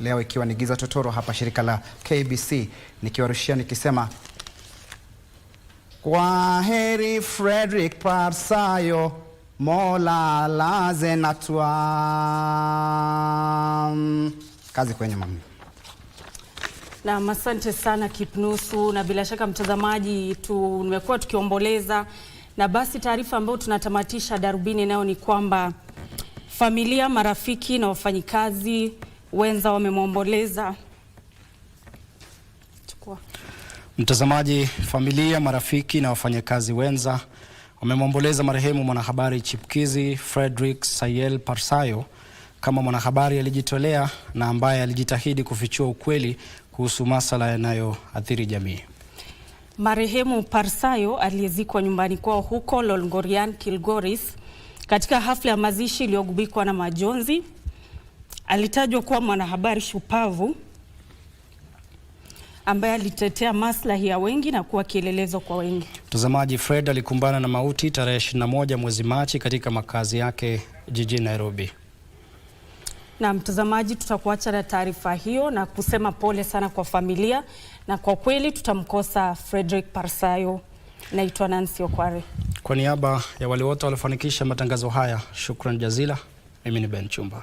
leo ikiwa ni giza totoro hapa shirika la KBC, nikiwarushia nikisema kwa heri Frederick Parsayo, Mola laze natwa kazi kwenye mami Naam, asante sana Kipnusu, na bila shaka mtazamaji, tumekuwa tukiomboleza, na basi taarifa ambayo tunatamatisha darubini nayo ni kwamba familia, marafiki na wafanyikazi wenza wamemwomboleza. mtazamaji, familia, marafiki na wafanyakazi wenza wamemwomboleza marehemu mwanahabari chipkizi Fredrick Sayel Parsayo kama mwanahabari alijitolea na ambaye alijitahidi kufichua ukweli kuhusu masala yanayoathiri jamii. Marehemu Parsayo aliyezikwa nyumbani kwao huko Lolgorian, Kilgoris, katika hafla ya mazishi iliyogubikwa na majonzi Alitajwa kuwa mwanahabari shupavu ambaye alitetea maslahi ya wengi na kuwa kielelezo kwa wengi. Mtazamaji, Fred alikumbana na mauti tarehe 21 mwezi Machi katika makazi yake jijini Nairobi. Na mtazamaji, tutakuacha na taarifa hiyo na kusema pole sana kwa familia, na kwa kweli tutamkosa Fredrick Parsayo. Naitwa Nancy Okware, kwa niaba ya wale wote waliofanikisha matangazo haya, shukran jazila. Mimi ni Ben Chumba.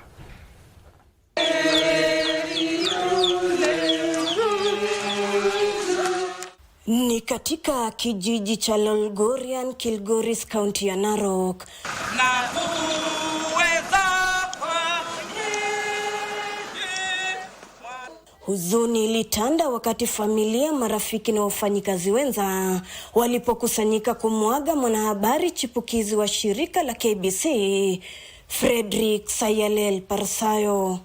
katika kijiji cha Longorian Kilgoris, kaunti ya Narok. Na huzuni ilitanda wakati familia, marafiki na wafanyikazi wenza walipokusanyika kumwaga mwanahabari chipukizi wa shirika la KBC Frederick Sayalel Parsayo.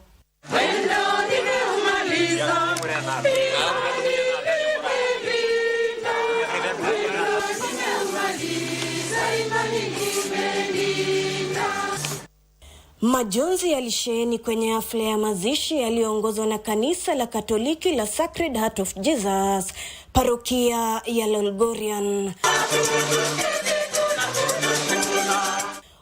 Majonzi yalisheheni kwenye hafla ya mazishi yaliyoongozwa na kanisa la Katoliki la Sacred Heart of Jesus parokia ya Lolgorian.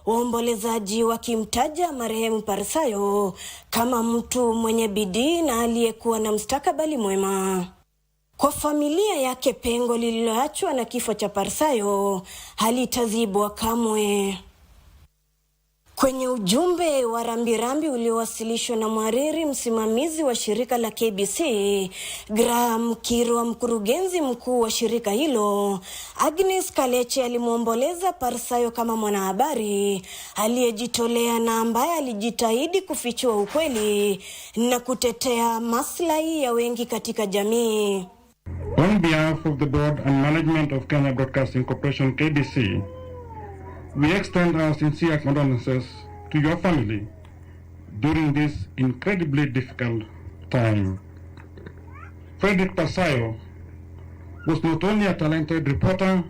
Waombolezaji wakimtaja marehemu Parsayo kama mtu mwenye bidii na aliyekuwa na mstakabali mwema. Kwa familia yake, pengo lililoachwa na kifo cha Parsayo halitazibwa kamwe. Kwenye ujumbe wa rambirambi uliowasilishwa na mhariri msimamizi wa shirika la KBC Graham Kirwa, mkurugenzi mkuu wa shirika hilo, Agnes Kaleche alimwomboleza Parsayo kama mwanahabari aliyejitolea na ambaye alijitahidi kufichua ukweli na kutetea maslahi ya wengi katika jamii. On behalf of the board and management of Kenya Broadcasting Corporation, KBC We extend our sincere condolences to your family during this incredibly difficult time. Frederick Passayo was not only a talented reporter,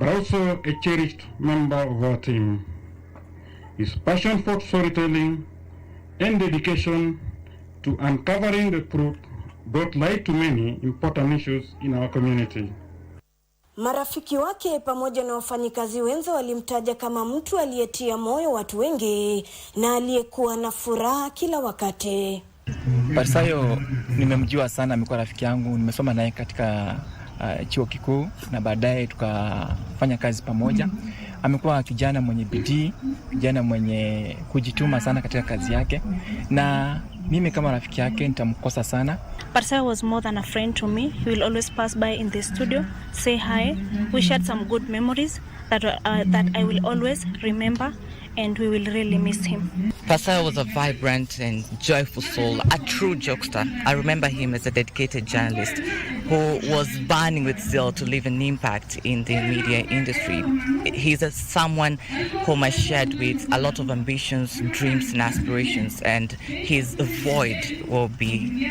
but also a cherished member of our team. His passion for storytelling and dedication to uncovering the truth brought light to many important issues in our community. Marafiki wake pamoja na wafanyikazi wenza walimtaja kama mtu aliyetia moyo watu wengi na aliyekuwa na furaha kila wakati. Parisayo nimemjua sana, amekuwa rafiki yangu, nimesoma naye katika uh, chuo kikuu na baadaye tukafanya kazi pamoja. Amekuwa kijana mwenye bidii, kijana mwenye kujituma sana katika kazi yake, na mimi kama rafiki yake nitamkosa sana. Parsai was more than a friend to me. He will always pass by in the studio, say hi. We shared some good memories that, uh, that I will always remember and we will really miss him. Pascal was a vibrant and joyful soul, a true jokester. I remember him as a dedicated journalist who was burning with zeal to leave an impact in the media industry. He's a, someone whom I shared with a lot of ambitions, dreams, and aspirations, and his void will be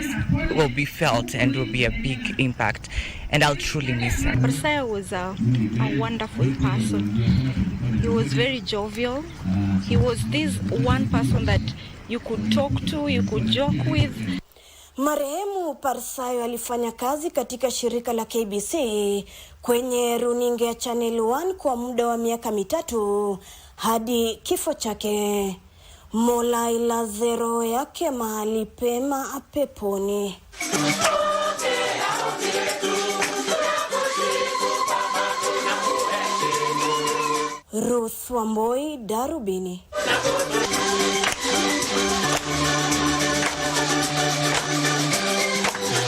will be felt and will be a big impact. And I'll truly miss him. Perseo was a, a wonderful person. He was very jovial. He was this one person that you could talk to, you could joke with Marehemu Parsayo alifanya kazi katika shirika la KBC kwenye runinga ya Channel 1 kwa muda wa miaka mitatu hadi kifo chake. Mola ilaze roho yake mahali pema peponi. Ruth Wamboi, Darubini.